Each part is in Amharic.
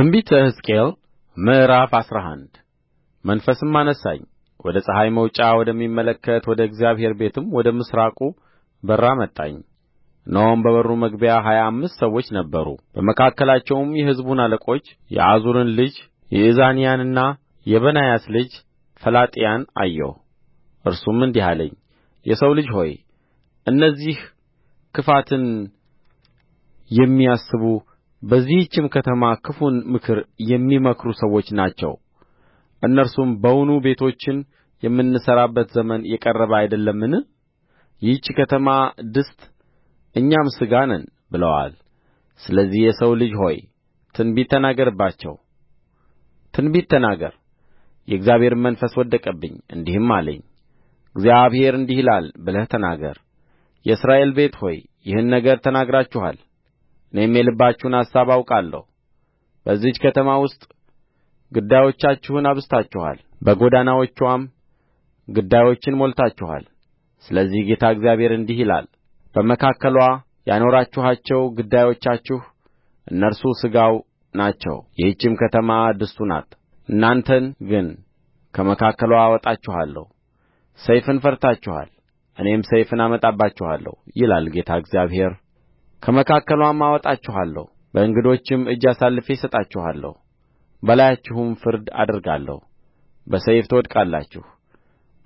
ትንቢተ ሕዝቅኤል ምዕራፍ አስራ አንድ መንፈስም አነሣኝ ወደ ፀሐይ መውጫ ወደሚመለከት ወደ እግዚአብሔር ቤትም ወደ ምሥራቁ በር አመጣኝ እነሆም በበሩ መግቢያ ሀያ አምስት ሰዎች ነበሩ በመካከላቸውም የሕዝቡን አለቆች የዓዙርን ልጅ የእዛንያንና የበናያስ ልጅ ፈላጥያን አየሁ እርሱም እንዲህ አለኝ የሰው ልጅ ሆይ እነዚህ ክፋትን የሚያስቡ በዚህችም ከተማ ክፉን ምክር የሚመክሩ ሰዎች ናቸው እነርሱም በውኑ ቤቶችን የምንሠራበት ዘመን የቀረበ አይደለምን ይህች ከተማ ድስት እኛም ሥጋ ነን ብለዋል ስለዚህ የሰው ልጅ ሆይ ትንቢት ተናገርባቸው ትንቢት ተናገር የእግዚአብሔርም መንፈስ ወደቀብኝ እንዲህም አለኝ እግዚአብሔር እንዲህ ይላል ብለህ ተናገር የእስራኤል ቤት ሆይ ይህን ነገር ተናግራችኋል እኔም የልባችሁን አሳብ አውቃለሁ በዚህች ከተማ ውስጥ ግዳዮቻችሁን አብዝታችኋል በጎዳናዎችዋም ግዳዮችን ሞልታችኋል ስለዚህ ጌታ እግዚአብሔር እንዲህ ይላል በመካከልዋ ያኖራችኋቸው ግዳዮቻችሁ እነርሱ ሥጋው ናቸው ይህችም ከተማ ድስቱ ናት እናንተን ግን ከመካከልዋ አወጣችኋለሁ ሰይፍን ፈርታችኋል እኔም ሰይፍን አመጣባችኋለሁ ይላል ጌታ እግዚአብሔር ከመካከልዋም አወጣችኋለሁ በእንግዶችም እጅ አሳልፌ እሰጣችኋለሁ በላያችሁም ፍርድ አደርጋለሁ በሰይፍ ትወድቃላችሁ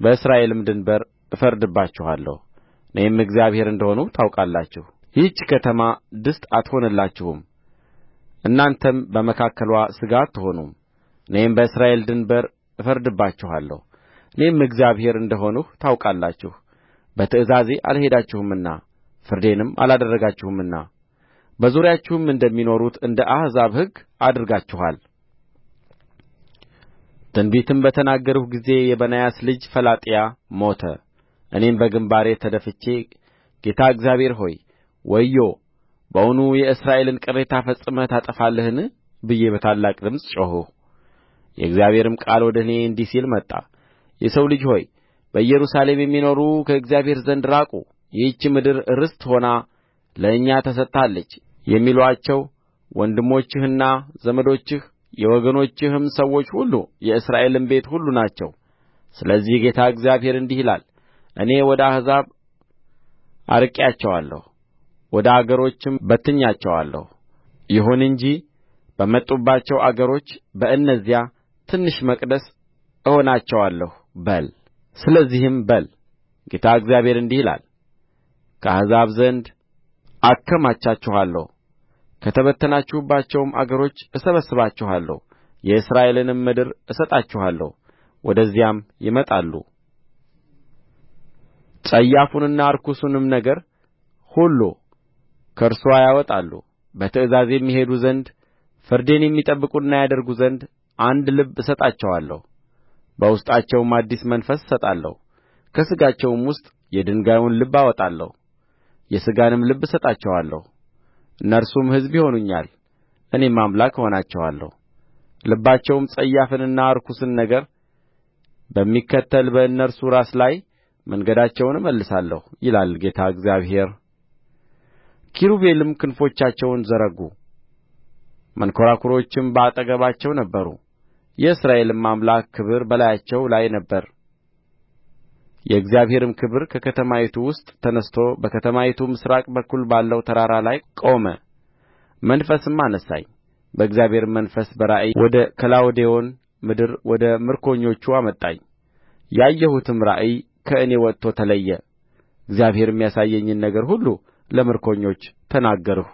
በእስራኤልም ድንበር እፈርድባችኋለሁ እኔም እግዚአብሔር እንደ ሆንሁ ታውቃላችሁ ይህች ከተማ ድስት አትሆንላችሁም እናንተም በመካከልዋ ሥጋ አትሆኑም እኔም በእስራኤል ድንበር እፈርድባችኋለሁ እኔም እግዚአብሔር እንደ ሆንሁ ታውቃላችሁ በትእዛዜ አልሄዳችሁምና ፍርዴንም አላደረጋችሁምና በዙሪያችሁም እንደሚኖሩት እንደ አሕዛብ ሕግ አድርጋችኋል ትንቢትም በተናገርሁ ጊዜ የበናያስ ልጅ ፈላጥያ ሞተ እኔም በግምባሬ ተደፍቼ ጌታ እግዚአብሔር ሆይ ወዮ በውኑ የእስራኤልን ቅሬታ ፈጽመህ ታጠፋለህን ብዬ በታላቅ ድምፅ ጮኽሁ የእግዚአብሔርም ቃል ወደ እኔ እንዲህ ሲል መጣ የሰው ልጅ ሆይ በኢየሩሳሌም የሚኖሩ ከእግዚአብሔር ዘንድ ራቁ ይህች ምድር ርስት ሆና ለእኛ ተሰጥታለች የሚሉአቸው ወንድሞችህና ዘመዶችህ የወገኖችህም ሰዎች ሁሉ የእስራኤልም ቤት ሁሉ ናቸው ስለዚህ ጌታ እግዚአብሔር እንዲህ ይላል እኔ ወደ አሕዛብ አርቄአቸዋለሁ ወደ አገሮችም በትኛቸዋለሁ ይሁን እንጂ በመጡባቸው አገሮች በእነዚያ ትንሽ መቅደስ እሆናቸዋለሁ በል ስለዚህም በል ጌታ እግዚአብሔር እንዲህ ይላል ከአሕዛብ ዘንድ አከማቻችኋለሁ ከተበተናችሁባቸውም አገሮች እሰበስባችኋለሁ የእስራኤልንም ምድር እሰጣችኋለሁ ወደዚያም ይመጣሉ ጸያፉንና ርኩሱንም ነገር ሁሉ ከእርስዋ ያወጣሉ በትእዛዜም ይሄዱ ዘንድ ፍርዴን የሚጠብቁና ያደርጉ ዘንድ አንድ ልብ እሰጣቸዋለሁ በውስጣቸውም አዲስ መንፈስ እሰጣለሁ ከሥጋቸውም ውስጥ የድንጋዩን ልብ አወጣለሁ የሥጋንም ልብ እሰጣቸዋለሁ እነርሱም ሕዝብ ይሆኑኛል እኔም አምላክ እሆናቸዋለሁ ልባቸውም ጸያፍንና ርኩስን ነገር በሚከተል በእነርሱ ራስ ላይ መንገዳቸውን እመልሳለሁ ይላል ጌታ እግዚአብሔር ኪሩቤልም ክንፎቻቸውን ዘረጉ መንኰራኵሮችም በአጠገባቸው ነበሩ የእስራኤልም አምላክ ክብር በላያቸው ላይ ነበረ የእግዚአብሔርም ክብር ከከተማይቱ ውስጥ ተነሥቶ በከተማይቱ ምሥራቅ በኩል ባለው ተራራ ላይ ቆመ መንፈስም አነሣኝ በእግዚአብሔርም መንፈስ በራእይ ወደ ከላውዴዎን ምድር ወደ ምርኮኞቹ አመጣኝ ያየሁትም ራእይ ከእኔ ወጥቶ ተለየ እግዚአብሔርም ያሳየኝን ነገር ሁሉ ለምርኮኞች ተናገርሁ